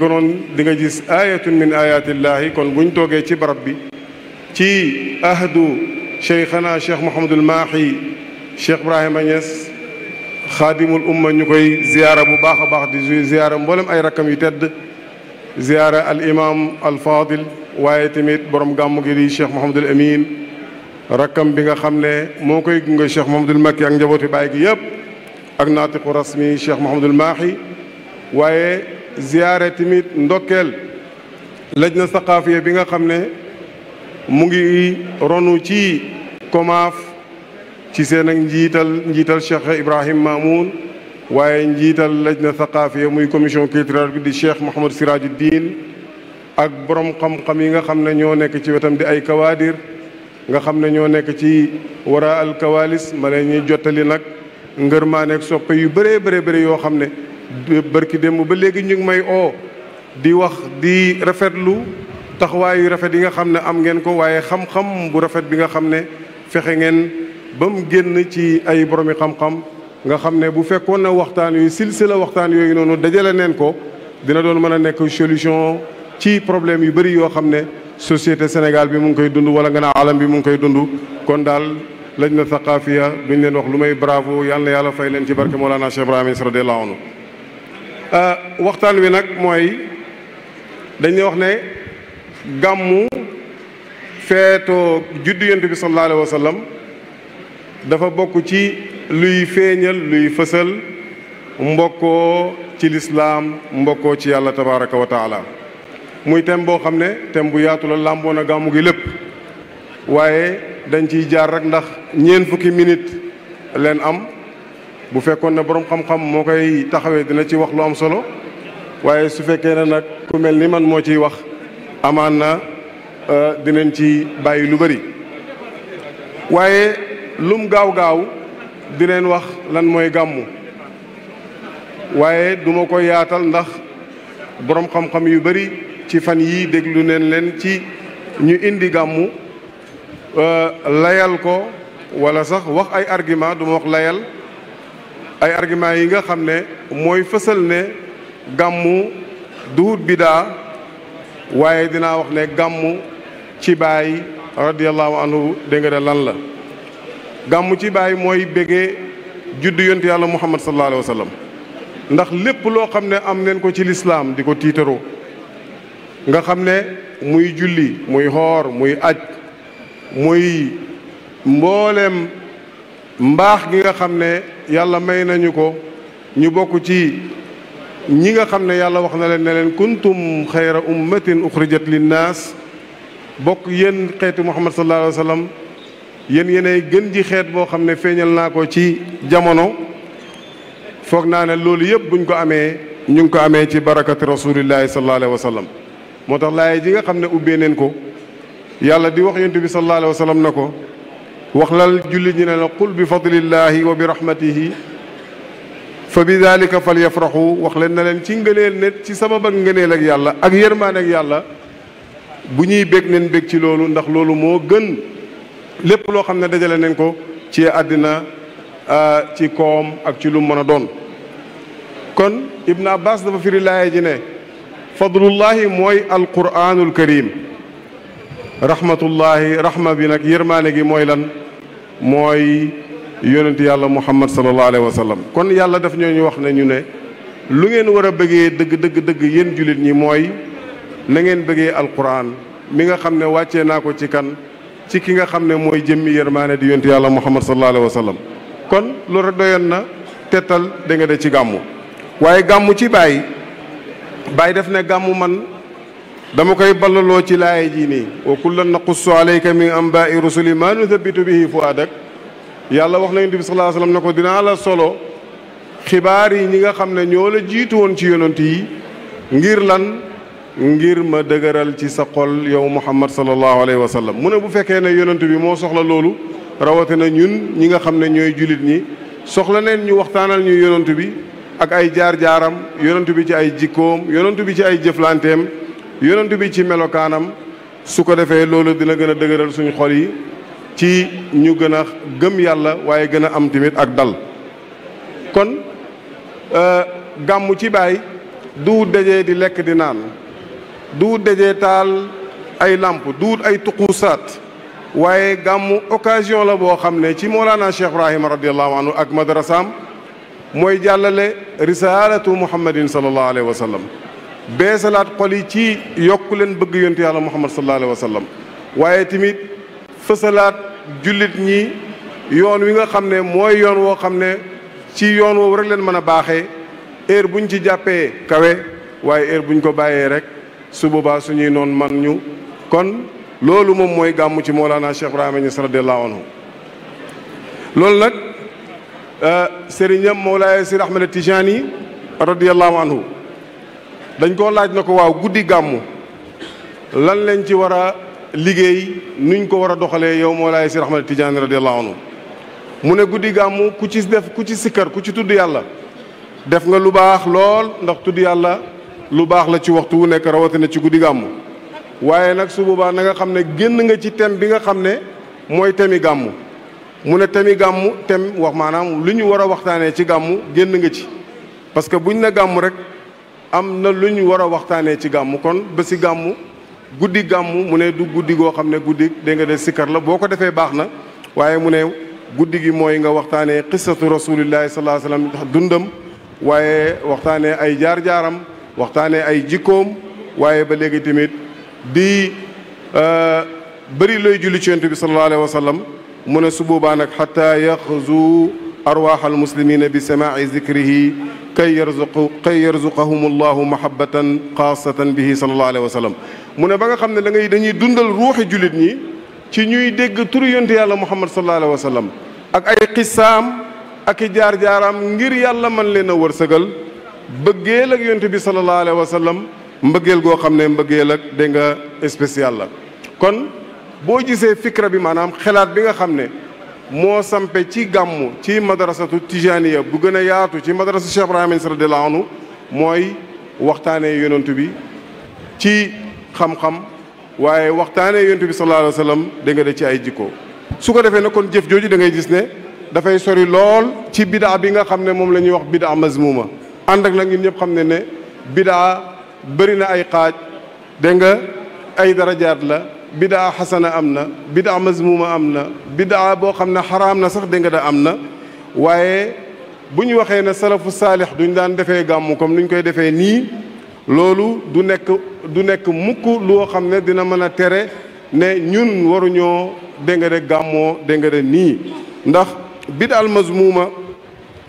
ko noonu di nga gis ayatun min ayatillahi kon buñ toogee ci barab bi ci ahdu cheikhana cheikh Mouhamadul Maahi cheikh Ibrahima Niass xaadimul umma ñu koy ziyaara bu baax a baax di ziyaara mboolem ay rakkam yu tedd ziyaara al imam al fadil waaye tamit borom gàmmu gi di cheikh Mouhamadul Amin rakkam bi nga xam ne moo koy gunge cheikh Mouhamadul Makki ak njabooti baay gi yëpp ak naatiqu rasmi cheikh Mouhamadul Maahi waaye. زيارة تميت ندوكل لجنة ثقافية بيغا خمنة موغي رونو تي كوماف تي سينا نجيتال نجيتال الشيخ إبراهيم مامون وايا نجيتال لجنة ثقافية موي كوميشون كيترار بدي الشيخ محمد سراج الدين اك بروم قم قميغا خمنة نيو نيك تي وتم دي اي كوادر nga xamne ñoo nek ci wara al kawalis malay ñi jotali nak ngeur ma nek soppe yu bare bare bare yo xamne barki démb ba legi ñu may o di wax di rafetlu taxawaayu rafet yi nga xamne am ngeen ko waye xam-xam bu rafet bi nga xamne ne fexe ngeen bam genn ci ay boromi xam-xam nga xamne ne bu fekkoon na waxtaan yu silsila waxtaan yoy nonu dajale neen ko dina doon mën nek solution ci problème yu bari yo xamne ne société Sénégal bi mu ngi koy dund wala nga na alam bi mu ngi koy dund kon dal lañ na thaqaafiya buñ leen wax lumay bravo yalla na fay leen ci barke Mawlana Cheikh ibrahim sallallahu wasallam Euh, waxtaan wi nag mooy dañuy wax ne gàmmu feetoo juddu yonent bi sallallahu alayhi wa dafa bokk ci luy feeñal luy fësal mbokkoo ci lislaam mbokkoo ci yàlla tabaraka wa taala muy tem boo xam ne tem bu yaatu la làmboon a gàmmu gi lépp waaye dañ ciy jaar rek ndax ñeent fukki minute leen am bu fekkoon ne borom xam-xam moo koy taxawee dina ci wax lu am solo waaye su fekkee ne nag ku mel ni man moo ciy wax amaan na euh, dinañ ci bàyyi lu bari waaye lum gaaw-gaaw dinañ wax lan mooy gàmmu waaye duma ko yaatal ndax boroom xam-xam yu bari ci fan yi déglu neen leen ci ñu indi gàmmu euh, layal ko walla sax wax ay argument duma wax layal ay argument yi nga xam ne mooy fësal ne gàmmu duhut bidaa waaye dinaa wax ne gàmmu ci baay radiallahu anhu dégg nga de lan la gàmmu ci baay mooy bégee juddu yonte yàlla muhammad sallallahu alayhi wa ndax lépp loo xam ne am neen ko ci lislaam di ko tiitaroo nga xam ne muy julli muy xoor muy aj muy mbooleem mbaax gi nga xam ne yàlla may nañu ko ñu bokk ci ñi nga xam ne yàlla wax na leen ne leen kuntum xayra ummatin uxrijat linnaas bokk yéen xeeti muhammad sallallahu alayhi wa sallam yéen gën ji xeet boo xam ne feeñal naa ko ci jamono foog naa ne loolu yëpp buñ ko amee ñu ngi ko amee ci barakati rasulillahi sallallahu alayhi moo tax laay ji nga xam ne ubbee neen ko yàlla di wax yonent bi sallallahu alayhi na ko وخلال الجلي جنا قل بفضل الله وبرحمته فبذلك فليفرحوا وخلنا لن تنجلي نت سبب انجلي لك يالا اغير ما نك يالا بني بك نن بك تي لولو مو گن لپ لو خامنا دجال نينكو تي ادنا ا تي كوم اك تي لو مونا دون كون ابن عباس دفا فري الله جي فضل الله موي القران الكريم رحمه الله رحمه بنك يرمانك موي mooy yonent yàlla muhammad sallallahu alayhi wa sallam kon yàlla def daf ñooñu wax ne ñu ne lu ngeen war a bëggee dëgg dëgg dëgg yéen jullit ñi mooy na ngeen bëggee alquran mi nga xam ne wàccee naa ko ci kan ci ki nga xam ne mooy jëmmi yërmaane di yonent yàlla muhammad sallallahu alayhi wa sallam kon loolu rek doyoon na tettal da nga de ci gàmmu waaye gàmmu ci bàyyi bàyyi def ne gàmmu man dama koy ballaloo ci laaya ji nii wa kullan naqussu alayka min anbaai rusuli maa nuthabitu bihi fuadak yàlla wax na yonent sallallahu alayhi wasallam ne la solo xibaar yi ñi nga xam ne ñoo la jiitu woon ci yonent ngir lan ngir ma dëgëral ci sa xol yow muhammad sallallahu alayhi wasallam mu ne bu fekkee ne yonent bi moo soxla loolu rawatina ñun ñi nga xam ne ñooy jullit ñi soxla neen ñu waxtaanal ñu yonent bi ak ay jaar-jaaram yonent bi ci ay jikkoom yonent bi ci ay jëflanteem yonent bi ci melokaanam su ko defee loolu dina gën a dëgëral suñu xol yi ci ñu gën a gëm yàlla waaye gën a am tamit ak dal kon euh, gàmmu ci baay du dajee di lekk di naan du dajee taal ay làmp duut ay tuquusaat waaye gàmmu occasion la boo xam ne ci moolaana Cheikh Ibrahima radiallahu anhu ak madrasaam mooy jàllale risaalatu muhammadin sallallahu alayhi wa sallam beesalaat xol yi ci yokk leen bëgg yontu yàlla muhammad sallallahu alayhi wa sallam waaye tamit fësalaat jullit ñi yoon wi nga xam ne mooy yoon woo xam ne ci yoon woowu rek leen mën a baaxee heure buñ ci jàppee kawe waaye heure buñ ko bàyyee rek su boobaa suñuy noon man ñu kon loolu moom mooy gàmmu ci Mawlana Cheikh Ibrahima Niass radiyallahu anhu loolu nag euh, sëriñam Mawlaaya Seydi Ahmed Tijaani radiyallahu anhu dañ koo laaj na ko waaw guddi gàmmu lan lañ ci war a liggéey nuñ ko war a doxalee yow Mawlaay si Ahmad Tijaani radiyallaahu anhu mu ne guddi gàmmu ku ci def ku ci sikkar ku ci tudd yàlla def nga lu baax lool ndax tudd yàlla lu baax la ci waxtu wu nekk rawatina ci guddi gàmmu waaye nag su boobaa na nga xam ne génn nga ci tem bi nga xam ne mooy tami gàmmu mu ne tami gàmmu tem wax maanaam lu ñu war a waxtaanee ci gàmmu génn nga ci parce que buñ na gàmmu rek. am na lu ñu war a waxtaanee ci gàmm kon ba si gàmmu guddi gàmm mu ne du guddi goo xam ne guddi dégg nga de sikkar la boo ko defee baax na waaye mu ne guddi gi mooy nga waxtaanee qissatu rasulillahi sallallahu alayhi wa sallam dundam waaye waxtaanee ay jaar-jaaram waxtaanee ay jikkoom waaye ba léegi tamit di euh, bëri looy julli ci yonent bi sallallahu alayhi wa sallam mu ne su boobaa nag xata yaxzu arwaaxal muslimina bi samaai zikrihi كي يرزق كي يرزقهم الله محبة خاصة به صلى الله عليه وسلم من بعد خم نلقي دني دند الروح جلدني تنيي دك تريون ديال محمد صلى الله عليه وسلم أك أي قسم أك جار جارم غير يالله من لنا ورسقل بجيلك ينتبه صلى الله عليه وسلم بجيل جو خم نم بجيلك دينغ especially كن بوجي سفكر بمنام خلاط بيجا خم moo sampe ci gàmmu ci madrasatu tijaniya bu gën a yaatu ci madrasa Cheikh Ibrahima radiyallahu anhu mooy waxtaanee yonent bi ci xam-xam waaye waxtaanee yonent bi sallallahu alayhi ci ay jikko su ko defee nag kon jëf jooju da ngay gis ne dafay sori lool ci biddaa bi nga xam ne moom la ñuy wax bidaa mazmuma ànd ak nag ñun ñëpp xam ne ne bidaa bëri na ay xaaj dégg nga ay darajaat la bidaa xasana am na bidaa mazmuma am na biddaa boo xam ne xaraam na sax dégg am na waaye bu ñu waxee ne salafu saalix duñ daan defee gàmmu comme nuñ koy defee nii loolu du nekk du nekk mukk loo xam ne dina mën a tere ne ñun waruñoo dégg gàmmoo dégg nii ndax bidaal mazmuma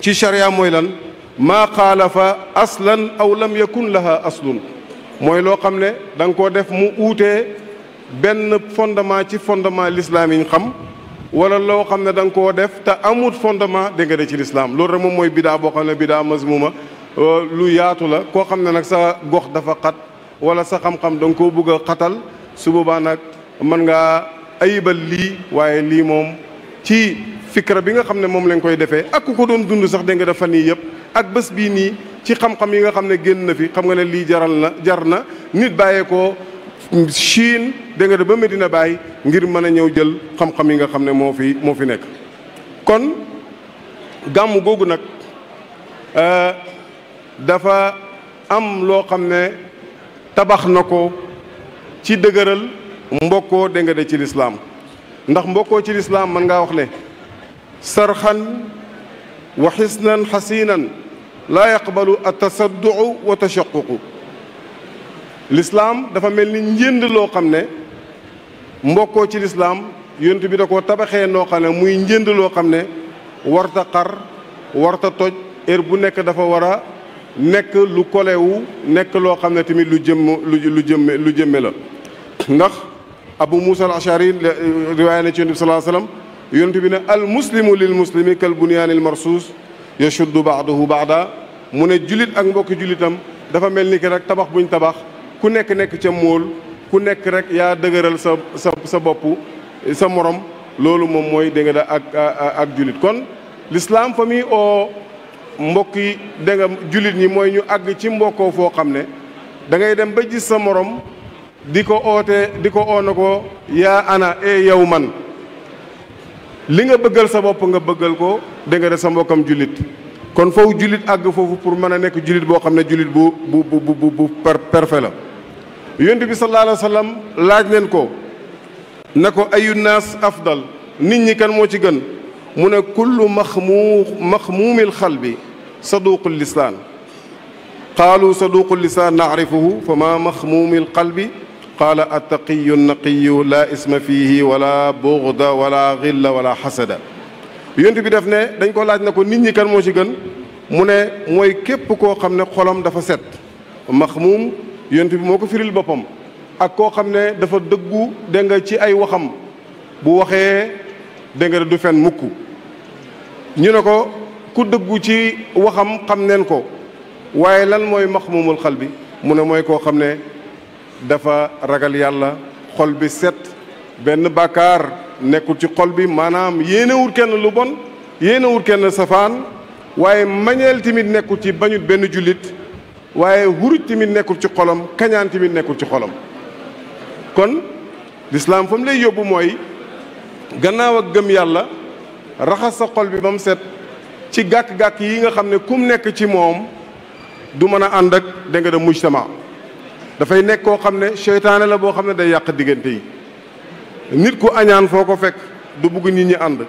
ci charia mooy lan fa xaalafa aslan aw lam yakun laha aslun mooy loo xam ne da nga koo def mu uute benn fondement ci fondement l'islam yi ñu xam wala loo xam ne da nga koo def te amut fondement dégg nga de ci l'islam loolu rek moom mooy bidaa boo xam ne bidaa masmuma euh, lu yaatu la koo xam ne nag sa gox dafa xat wala sa xam-xam da nga xatal su boobaa nag mën ngaa ayibal lii waaye lii moom ci fikra bi nga xam ne moom lañ koy defee ak ku ko doon dund sax dégg nga def fan yii yëpp ak bés bii nii ci xam-xam yi nga xam ne génn na fi xam nga ne lii jaral na jar na nit bàyyee ko Chine dégg ba Medina Baye ngir mën a ñëw jël xam-xam yi nga xam ne moo fi moo fi nekk. kon gàmm googu nag euh, dafa am loo xam ne tabax na ko ci dëgëral mbokkoo dégg nga de ci lislaam ndax mbokkoo ci lislaam man ngaa wax ne sarxan wa xisnan xasinan laa yaqbalu at tasaddu'u wa tashaququ l'islam dafa melni ñënd lo xamné mboko ci l'islam yonent bi da ko tabaxé no xamné muy ñënd lo xamné warta xar warta toj er bu nek dafa wara nek lu kolé wu nek lo xamné tamit lu jëm lu jëm lu jëm la ndax abu musa al ashari riwaaya na ci yonent bi salaa sallam yonent bi na al muslimu lil muslimi kal bunyan al marsus yashuddu ba'dahu ba'da mu ne julit ak mbok julitam dafa melni ni ki rek tabax buñ tabax ku nek nek ci mool ku nek rek ya dëgëral sa sa sa bop sa morom lolou mom moy de nga ak ak julit kon l'islam fami o mbok yi de nga julit ni moy ñu ag ci mboko fo xamne da ngay dem ba gis sa morom diko ko diko onako ya ana e yow man li nga bëggal sa bop nga bëggal ko de nga sa mbokam julit kon foofu julit ag fofu pour mën nek julit bo xamne julit bu bu bu bu bu yonent bi sallallahu alayhi wa sallam laaj leen ko na ko ayu naas afdal nit ñi kan moo ci gën mu ne kullu maxmuu maxmuumil xalbi saduqul lisaan qaalu saduqul lisaan naarifuhu fa ma maxmuumil qalbi qaala attaqiyu naqiyu laa isma fiihi wala bughda wala xilla wala xasada yonent bi def ne dañ ko laaj na ko nit ñi kan moo ci gën mu ne mooy képp koo xam ne xolam dafa set maxmuum yonent bi moo ko firil boppam ak koo xam ne dafa dëggu dégg nga ci ay waxam bu waxee dégg nga du fen mukk ñu ne ko ku dëggu ci waxam xam neen ko waaye lan mooy maxmumul xal bi mu ne mooy koo xam ne dafa ragal yàlla xol bi set benn bàkkaar nekkul ci xol bi maanaam yéenewul kenn lu bon yéenewul kenn safaan waaye mañeel tamit nekkul ci bañut benn jullit waaye wuruj tamit nekkul ci xolam kañaan tamit nekkul ci xolam kon lislaam fa mu lay yóbbu mooy gannaaw ak gëm yàlla raxas sa xol bi ba mu set ci gàkk-gàkk yi nga xam ne kum nekk ci moom du mën a ànd ak da nga da mujtama dafay nekk koo xam ne seytaane la boo xam ne day yàq diggante yi nit ku añaan foo ko fekk du bëgg nit ñi ànd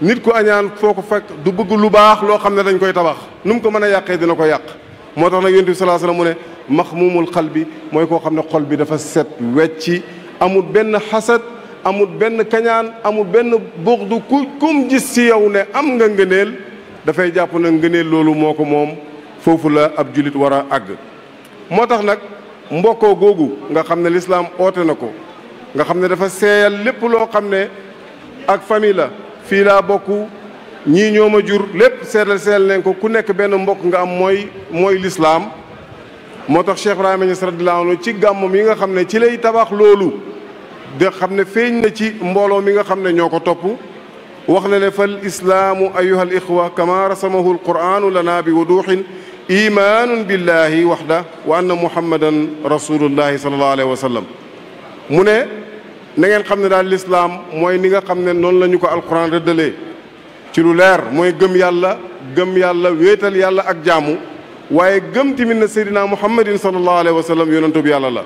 nit ku añaan foo ko fekk du bëgg lu baax loo xam ne dañ koy tabax nu mu ko mën a yàqee dina ko yàq moo tax nag yonent bi salaa salaam mu ne maxmuumul xal bi mooy koo xam ne xol bi dafa set wecci amul benn xasad amul benn kañaan amul benn buxdu ku kum gis si yow ne am nga ngëneel dafay jàpp na ngëneel loolu moo ko moom foofu la ab julit war a àgg moo tax nag mbokkoo googu nga xam ne lislaam oote na ko nga xam ne dafa seeyal lépp loo xam ne ak famille la fii laa bokk ñi ñoma jur lépp sétal sétal len ko ku nekk ben mbokk nga am moy mooy lislaam moo tax Cheikh Ibrahima Niass radiyallaahu anhu ci gàmmam yi nga xamne ci lay tabax lolu de xamne feñ na ci mbolo mi nga xamne ñoko top wax na le fal islam ayuha al ikhwa kama rasamahu al qur'an lana bi wuduh iman billahi wahda wa anna muhammadan rasulullah sallallahu alayhi wa sallam mu na ngeen xamne dal l'islam moy ni nga xamne non lañu ko al qur'an alquran ci lu leer mooy gëm yàlla gëm yàlla wéetal yàlla ak jaamu waaye gëm tamit na seydina muhammadin sallallahu alayhi wa sallam yonentu bi yàlla la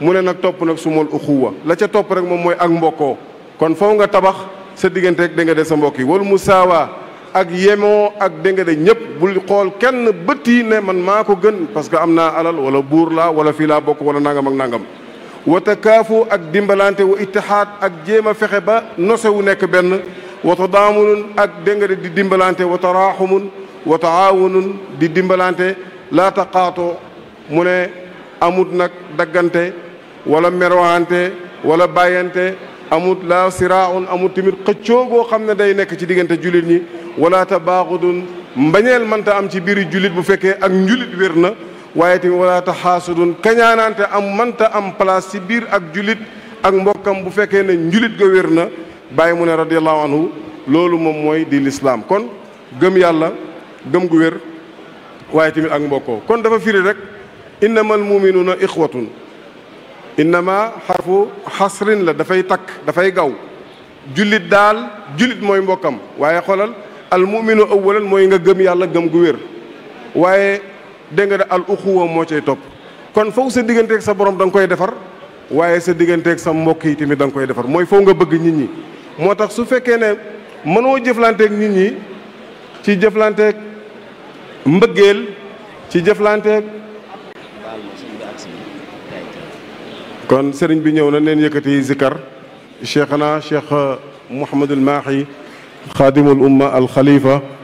mu ne nag topp nag su mal uxuwa la ca topp rek moom mooy ak mbokkoo kon faw nga tabax sa diggante rek da nga de sa mbokk yi wal musaawa ak yemoo ak da nga de ñëpp bul xool kenn bët yi ne man maa ko gën parce que am naa alal wala buur laa wala fii laa bokk wala nangam ak wa takaafu ak dimbalante wa ak jéem a fexe ba nose benn woto tadaamunun ak dégg di dimbalante wa taraaxumun wa taawunun di dimbalante laa taqaatoo mu ne amut nag daggante wala merwaante wala bàyyante amut laa siraaun amut tamit xëccoo goo xam ne day nekk ci diggante jullit ñi wala tabaaxudun mbañeel mënta am ci biiri jullit bu fekkee ak njulit wér na waaye tamit wala taxaasudun kañaanaante am mënta am place ci biir ak jullit ak mbokkam bu fekkee ne njulit ga wér na baye mu ne radiallahu anhu lolou mom moy di l'islam kon gëm yàlla gëm gu wér waye timit ak mboko kon dafa firi rek innamal mu'minuna ikhwatun innama harfu hasrin la tak da fay gaw julit dal julit moy mbokam waye xolal al muminu awwalan moy nga gëm yàlla gëm gu wér waye de nga al ukhuwa mo cey top kon faw sa digganteeg sa borom dang koy defar waye sa digganteeg sa mbokk yi tamit koy defar moy faw nga bëgg nit ñi motax su fekke ne jëflanté ak nit ñi ci jëflanté ak mbëggeel ci jëflanté ak kon sëriñ bi ñëw na leen yëkëti zikkar cheikhna cheikh Mouhamadul Mahi khadimul umma al Khalifa.